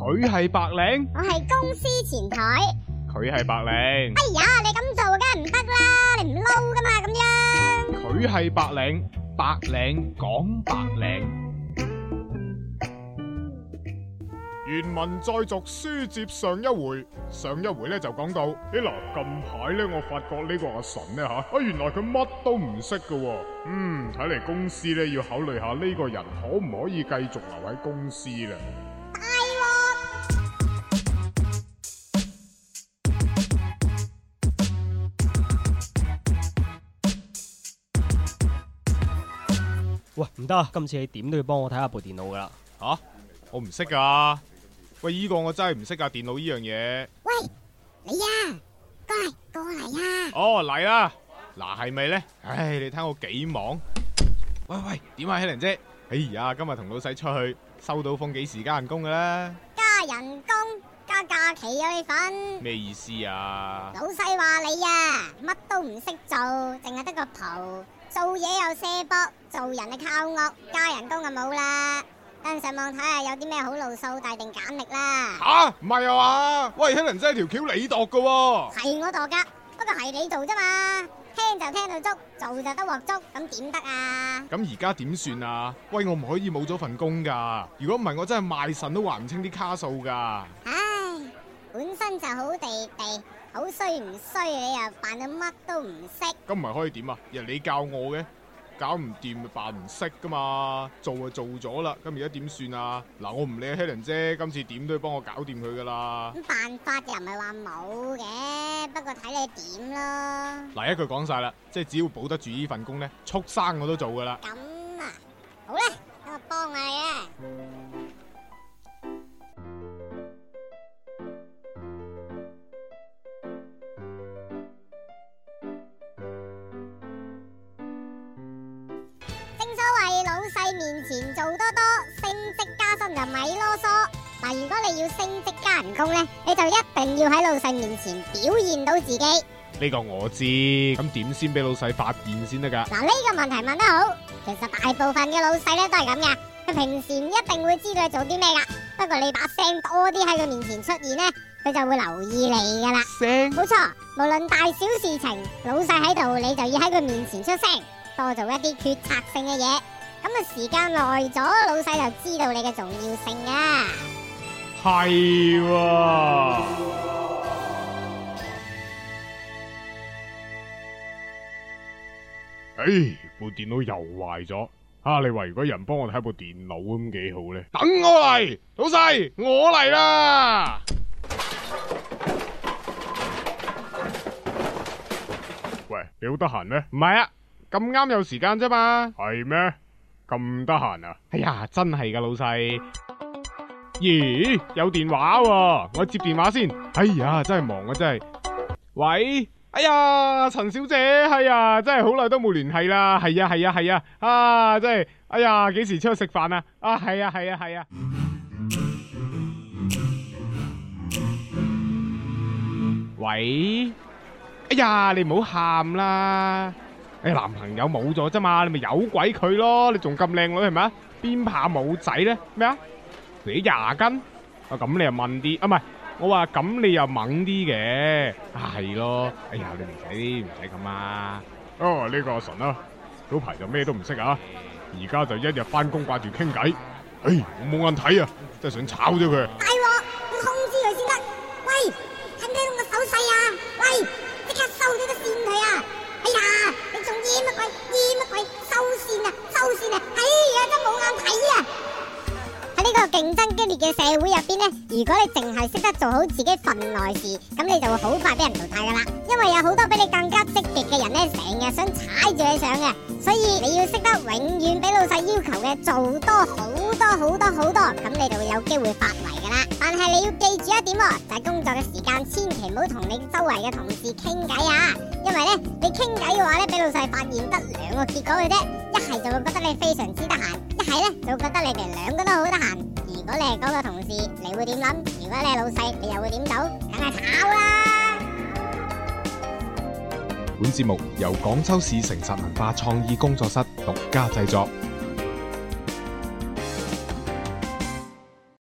佢係白領，我係公司前台。佢係白領。哎呀，你咁做梗係唔得啦，你唔撈噶嘛咁樣。佢係白領，白領講白領。原文再續書接上一回，上一回咧就講到，哎、欸、嗱，呃、近排咧我發覺呢個阿臣咧吓，啊原來佢乜都唔識噶，嗯，睇嚟公司咧要考慮下呢個人可唔可以繼續留喺公司啦。喂，唔得啊！今次你點都要幫我睇下部電腦噶啦，吓我唔識噶。喂，依個我真係唔識架電腦依樣嘢。喂，你啊，過嚟，過嚟啊！哦，嚟啦！嗱，係咪咧？唉，你睇我幾忙？喂喂，點啊，海倫姐？哎呀，今日同老細出去收到風，幾時加人工噶咧？加人工，加假期，有呢份？咩意思啊？老細話你啊，乜都唔識做，淨係得個蒲。做嘢又卸膊，做人啊靠惡，加人工就冇啦。登上網睇下有啲咩好路數，帶定簡歷啦。吓，唔係啊嘛？喂，海倫真係條橋你度噶？係我度噶，不過係你做啫嘛。聽就聽到足，做就得獲足，咁點得啊？咁而家點算啊？喂，我唔可以冇咗份工噶。如果唔係，我真係賣腎都還唔清啲卡數噶。唉，本身就好地地。好衰唔衰，你又扮到乜都唔識，咁唔係可以點啊？人你教我嘅，搞唔掂咪扮唔識噶嘛，做就做咗啦，咁而家點算啊？嗱，我唔理阿 Helen 姐，今次點都要幫我搞掂佢噶啦。咁辦法又唔係話冇嘅，不過睇你點咯。嗱，一句講晒啦，即係只要保得住呢份工咧，畜生我都做噶啦。咁啊，好啦。前做多多升職加薪就咪囉嗦。嗱，如果你要升職加人工呢，你就一定要喺老細面前表現到自己。呢個我知，咁點先俾老細發現先得噶？嗱，呢個問題問得好。其實大部分嘅老細呢都係咁嘅，佢平時唔一定會知道做啲咩噶。不過你把聲多啲喺佢面前出現呢，佢就會留意你噶啦。聲，冇錯，無論大小事情，老細喺度，你就要喺佢面前出聲，多做一啲決策性嘅嘢。咁啊，時間耐咗，老細就知道你嘅重要性啊！係喎，哎，部電腦又壞咗吓，你話如果有人幫我睇部電腦咁幾好咧？等我嚟，老細，我嚟啦！喂，你好得閒咩？唔係啊，咁啱有時間啫嘛？係咩？咁得閒啊！哎呀，真係噶老細，咦，有電話喎，啊，我接電話先。哎呀，真係忙啊，真係。喂，哎呀，陳小姐，哎呀，真係好耐都冇聯繫啦。係啊，係啊，係啊，啊，真係，哎呀，幾時出去食飯啊？啊，係啊，係啊，係啊。喂，哎呀，你唔好喊啦。你男朋友冇咗咋嘛？你咪有鬼佢咯！你仲咁靚女係咪？邊怕冇仔咧？咩啊？俾廿斤啊！咁你又問啲啊？唔係，我話咁你又猛啲嘅係咯？哎呀，你唔使唔使咁啊！哦，呢個阿臣咯，嗰排就咩都唔識啊！而家就一日返工掛住傾偈，唉，我冇眼睇啊！真係想炒咗佢。喺呢個競爭激烈嘅社會入邊咧，如果你淨係識得做好自己份內事，咁你就會好快俾人淘汰噶啦。因為有好多比你更加積極嘅人呢，成日想踩住你上嘅，所以你要識得永遠比老細要求嘅做多好多好多好多，咁你就會有機會發圍噶啦。但係你要記住一點，就係工作嘅時間千祈唔好同你周圍嘅同事傾偈啊，因為呢，你傾偈嘅話呢，俾老細發現得兩個結果嘅啫，一係就會覺得你非常之得閒。係咧，就覺得你哋兩個都好得閒。如果你係嗰個同事，你會點諗？如果你係老細，你又會點做？梗係炒啦！本節目由廣州市城實文化創意工作室獨家製作。